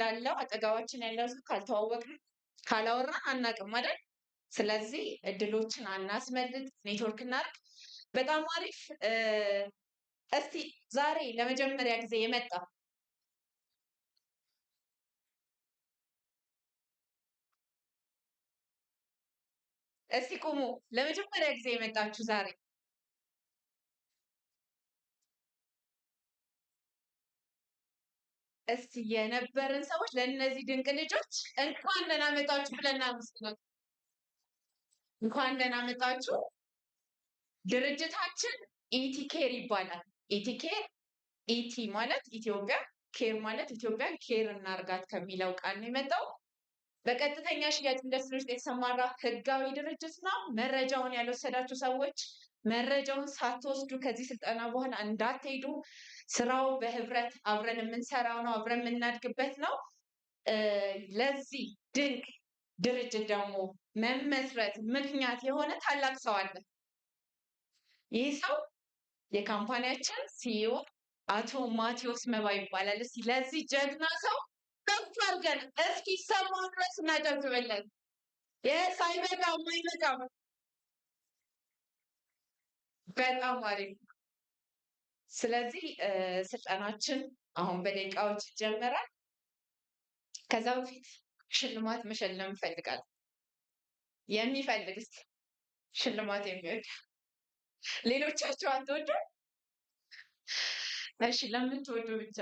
እንዳለው አጠገባችን ያለው ሰው ካልተዋወቅን ካላወራን አናቅም አይደል? ስለዚህ እድሎችን አናስመልጥ፣ ኔትወርክ እናርግ በጣም አሪፍ። እስቲ ዛሬ ለመጀመሪያ ጊዜ የመጣ እስቲ ቁሙ። ለመጀመሪያ ጊዜ የመጣችሁ ዛሬ እስቲ የነበረን ሰዎች ለእነዚህ ድንቅ ልጆች እንኳን ደህና መጣችሁ ብለን አመስግኖት እንኳን ደህና መጣችሁ። ድርጅታችን ኢቲኬር ይባላል። ኢቲኬር ኢቲ ማለት ኢትዮጵያ፣ ኬር ማለት ኢትዮጵያን ኬር እናርጋት ከሚለው ቃል ነው የመጣው። በቀጥተኛ ሽያጭ ኢንዱስትሪ ውስጥ የተሰማራ ህጋዊ ድርጅት ነው። መረጃውን ያልወሰዳችሁ ሰዎች መረጃውን ሳትወስዱ ከዚህ ስልጠና በኋላ እንዳትሄዱ። ስራው በህብረት አብረን የምንሰራው ነው፣ አብረን የምናድግበት ነው። ለዚህ ድንቅ ድርጅት ደግሞ መመስረት ምክንያት የሆነ ታላቅ ሰው አለ። ይህ ሰው የካምፓኒያችን ሲኢኦ አቶ ማቴዎስ መባ ይባላል። እስኪ ለዚህ ጀግና ሰው ከፍ አድርገን እስኪ ድረስ እናጨብጭበለን። ይህ ሳይበላ የማይመጣ በጣም አሪፍ። ስለዚህ ስልጠናችን አሁን በደቂቃዎች ይጀመራል። ከዛ በፊት ሽልማት መሸለም እንፈልጋለን። የሚፈልግ እስኪ ሽልማት የሚወድ ሌሎቻቸው አትወዱ? እሺ፣ ለምን ትወዱ? ብቻ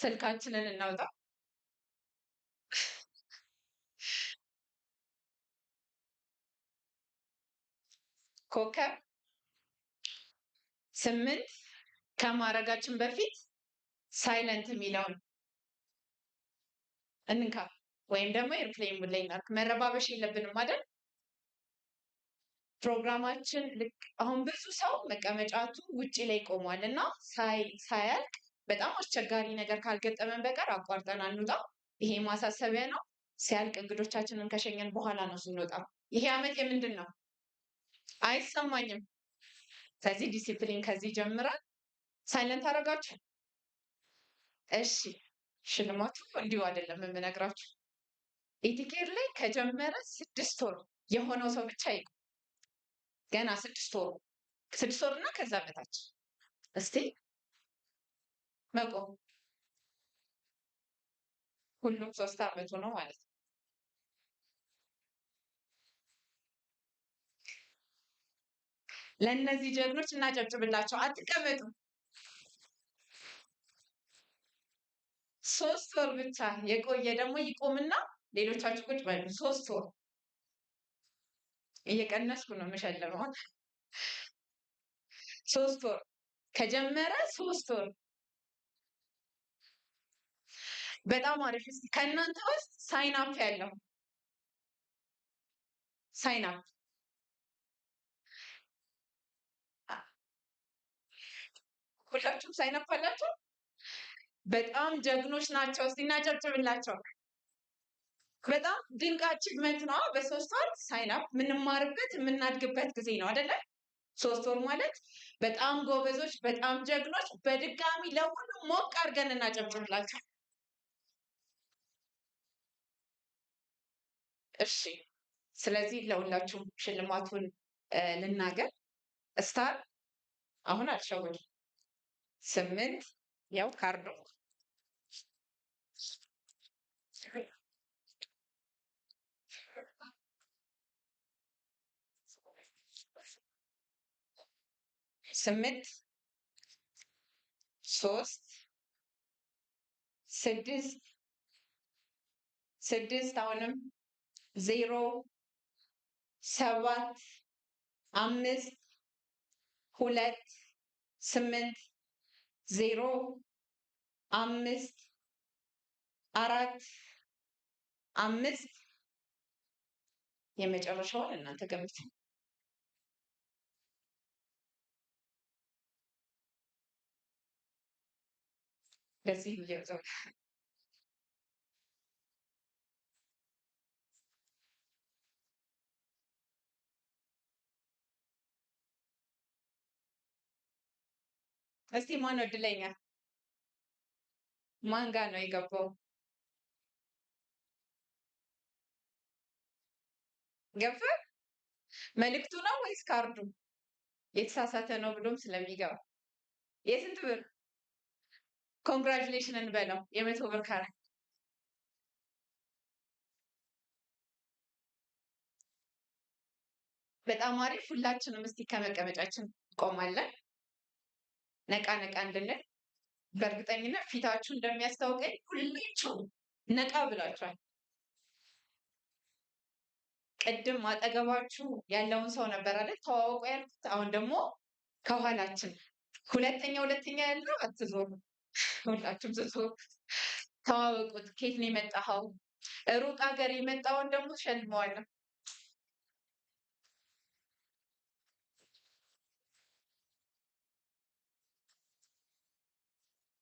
ስልካችንን እናውጣ። ኮከብ ስምንት ከማድረጋችን በፊት ሳይለንት የሚለውን እንንካ ወይም ደግሞ ኤርፕሌን ላይ እናርክ። መረባበሽ የለብንም አይደል? ፕሮግራማችን ልክ አሁን ብዙ ሰው መቀመጫቱ ውጭ ላይ ቆሟል እና ሳያልቅ በጣም አስቸጋሪ ነገር ካልገጠመን በቀር አቋርጠን አንውጣ። ይሄ ማሳሰቢያ ነው። ሲያልቅ እንግዶቻችንን ከሸኘን በኋላ ነው ስንወጣ። ይሄ አመት የምንድን ነው አይሰማኝም። ከዚህ ዲሲፕሊን ከዚህ ጀምራል። ሳይለንት አደረጋችሁ። እሺ ሽልማቱ እንዲሁ አይደለም የምነግራችሁ። ኢቲኬር ላይ ከጀመረ ስድስት ወር የሆነው ሰው ብቻ ይቁ። ገና ስድስት ወሩ ስድስት ወር እና ከዛ በታች እስቲ መቆም ሁሉም ሶስት አመቱ ነው ማለት ነው። ለእነዚህ ጀግኖች እናጨብጭብላቸው። አትቀመጡ። ሶስት ወር ብቻ የቆየ ደግሞ ይቆምና ሌሎቻችሁ ቁጭ በሉ። ሶስት ወር እየቀነስኩ ነው የምሸልመው። ሶስት ወር ከጀመረ ሶስት ወር በጣም አሪፍ። ከእናንተ ውስጥ ሳይን አፕ ያለው ሳይን አፕ ሁላችሁም ሳይነፋላችሁ በጣም ጀግኖች ናቸው። እስቲ እናጨብጭብላቸው። በጣም ድንቅ አቺቭመንት ነው። በሶስት ወር ሳይናፕ የምንማርበት የምናድግበት ጊዜ ነው አይደለ? ሶስት ወር ማለት በጣም ጎበዞች፣ በጣም ጀግኖች። በድጋሚ ለሁሉም ሞቅ አድርገን እናጨብጭብላቸው። እሺ፣ ስለዚህ ለሁላችሁም ሽልማቱን ልናገር። ስታር አሁን አልሸወድም። ስምንት ያው ካርዶ ስምንት ሶስት ስድስት ስድስት አሁንም ዜሮ ሰባት አምስት ሁለት ስምንት ዜሮ አምስት አራት አምስት የመጨረሻውን እናንተ ገምቱ። ለዚህ ብዬ እስቲ ማን እድለኛ ማን ጋር ነው የገባው? ገባ መልእክቱ ነው ወይስ ካርዱ? የተሳሳተ ነው ብሎም ስለሚገባ የስንት ብር ኮንግራጁሌሽን እንበለው የመቶ ብር ካራ በጣም አሪፍ። ሁላችንም እስቲ ከመቀመጫችን እንቆማለን። ነቃ ነቃ እንድንል በእርግጠኝነት ፊታችሁ እንደሚያስታውቀኝ ሁላችሁ ነቃ ብላችኋል። ቅድም አጠገባችሁ ያለውን ሰው ነበር አይደል ተዋወቁ ያልኩት። አሁን ደግሞ ከኋላችን ሁለተኛ ሁለተኛ ያለው አትዞሩ፣ ሁላችሁም ስትዞሩ ተዋወቁት። ከየት ነው የመጣኸው? ሩቅ ሀገር የመጣውን ደግሞ ሸልመዋለሁ።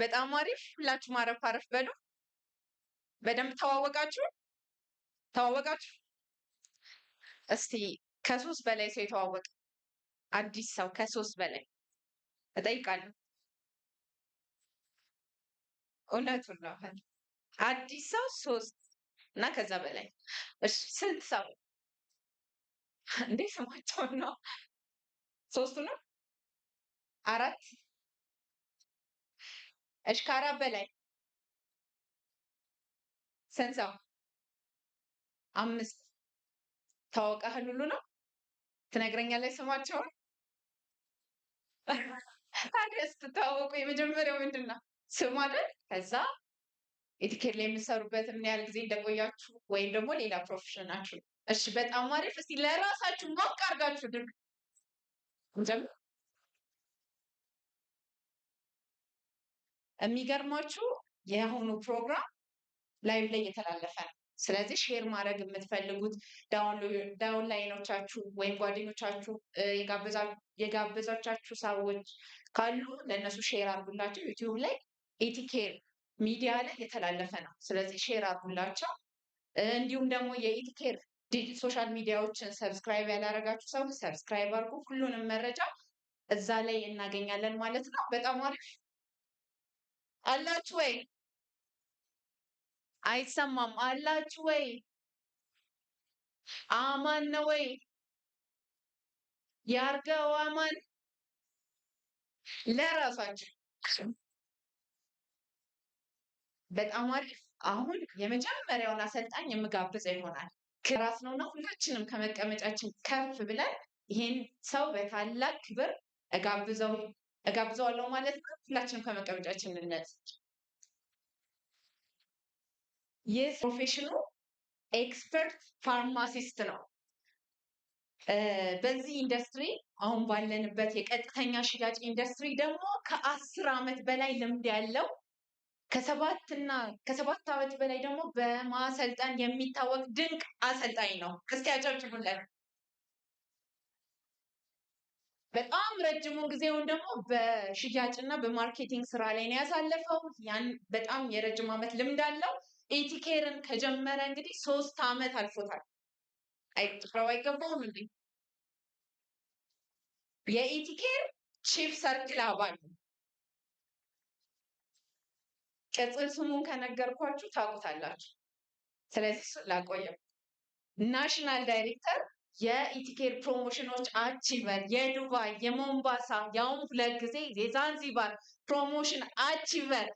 በጣም አሪፍ። ሁላችሁም አረፍ አረፍ በሉ። በደንብ ተዋወቃችሁ ተዋወቃችሁ። እስቲ ከሶስት በላይ ሰው የተዋወቀ አዲስ ሰው ከሶስት በላይ እጠይቃለሁ። እውነቱን ነው። አዲስ ሰው ሶስት እና ከዛ በላይ ስንት ሰው እንዴ? ስማቸውን ነው ሶስቱ ነው አራት እሽካራ በላይ ሰንሳው አምስት ታወቀ ሁሉ ነው። ትነግረኛለህ ስማቸውን? ታዲያ ስትታወቁ የመጀመሪያው ምንድን ነው ስም አይደል? ከዛ ኢቲኬት ላይ የምትሰሩበት ምን ያህል ጊዜ እንደቆያችሁ ወይም ደግሞ ሌላ ፕሮፌሽናችሁ። እሺ፣ በጣም አሪፍ። እስኪ ለራሳችሁ ሞቅ አድርጋችሁ ድርግ እንጀምር። የሚገርማችሁ የአሁኑ ፕሮግራም ላይቭ ላይ እየተላለፈ ነው። ስለዚህ ሼር ማድረግ የምትፈልጉት ዳውን ላይኖቻችሁ ወይም ጓደኞቻችሁ የጋበዛቻችሁ ሰዎች ካሉ ለእነሱ ሼር አርጉላቸው። ዩቲዩብ ላይ ኢቲኬር ሚዲያ ላይ የተላለፈ ነው። ስለዚህ ሼር አርጉላቸው። እንዲሁም ደግሞ የኢቲኬር ሶሻል ሚዲያዎችን ሰብስክራይብ ያላረጋችሁ ሰው ሰብስክራይብ አርጉ። ሁሉንም መረጃ እዛ ላይ እናገኛለን ማለት ነው። በጣም አሪፍ አላችሁ ወይ? አይሰማም። አላችሁ ወይ? አማን ነው ወይ? ያርገው አማን ለራሳችሁ በጣም አሪፍ። አሁን የመጀመሪያውን አሰልጣኝ የምጋብዘ ይሆናል። ክራስ ነውና ሁላችንም ከመቀመጫችን ከፍ ብለን ይህን ሰው በታላቅ ክብር እጋብዘው እጋብዘዋለሁ ማለት ነው። ሁላችንም ከመቀመጫችን እንነጽ። ይህ ፕሮፌሽኑ ኤክስፐርት ፋርማሲስት ነው። በዚህ ኢንዱስትሪ አሁን ባለንበት የቀጥተኛ ሽያጭ ኢንዱስትሪ ደግሞ ከአስር ዓመት በላይ ልምድ ያለው ከሰባት እና ከሰባት ዓመት በላይ ደግሞ በማሰልጠን የሚታወቅ ድንቅ አሰልጣኝ ነው። እስቲ አጨብጭቡለት። በጣም ረጅሙን ጊዜውን ደግሞ በሽያጭና በማርኬቲንግ ስራ ላይ ነው ያሳለፈው። ያን በጣም የረጅም ዓመት ልምድ አለው። ኤቲኬርን ከጀመረ እንግዲህ ሶስት ዓመት አልፎታል። ጥፍረው አይገባውም እንዴ? የኢቲኬር ቺፍ ሰርክል አባል ነው። ቅጽል ስሙን ከነገርኳችሁ ታውቁታላችሁ። ስለዚህ ላቆየው ናሽናል ዳይሬክተር የኢቲኬር ፕሮሞሽኖች አቺቨር፣ የዱባይ፣ የሞምባሳ ያውም ሁለት ጊዜ የዛንዚባር ፕሮሞሽን አቺቨር፣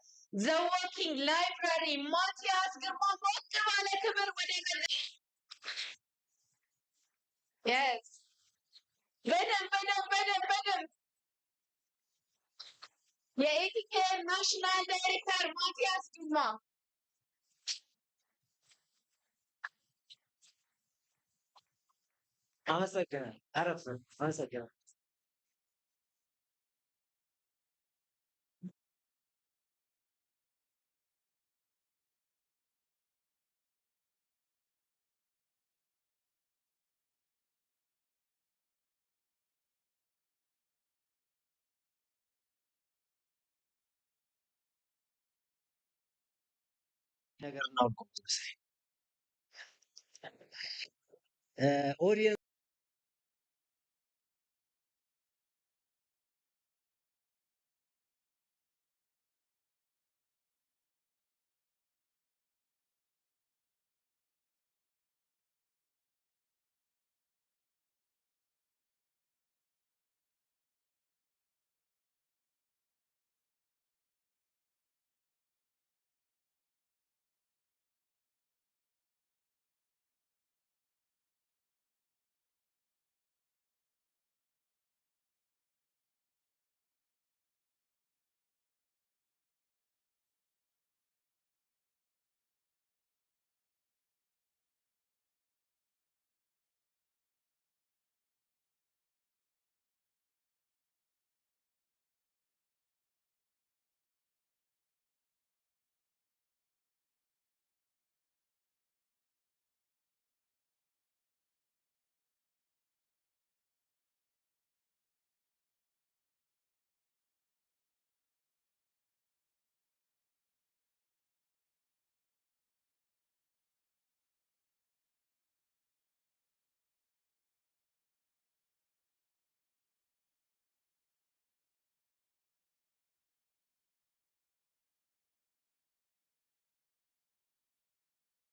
ዘወኪንግ ላይብራሪ ማቲያስ ግርማ ሞቅ ባለ ክብር ወደ በደንብ በደንብ በደንብ በደንብ የኢቲኬር ናሽናል ዳይሬክተር ማቲያስ ግርማ ஆசைக்கிறேன் அரசன் ஆசைக்கிறேன் ነገር እናውቀው ኦሪየን